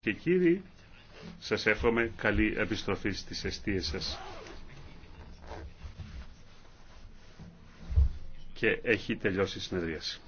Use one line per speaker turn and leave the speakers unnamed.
και κύριοι, σας εύχομαι καλή επιστροφή στις αιστείες σας. Και έχει τελειώσει η συνεδρίαση.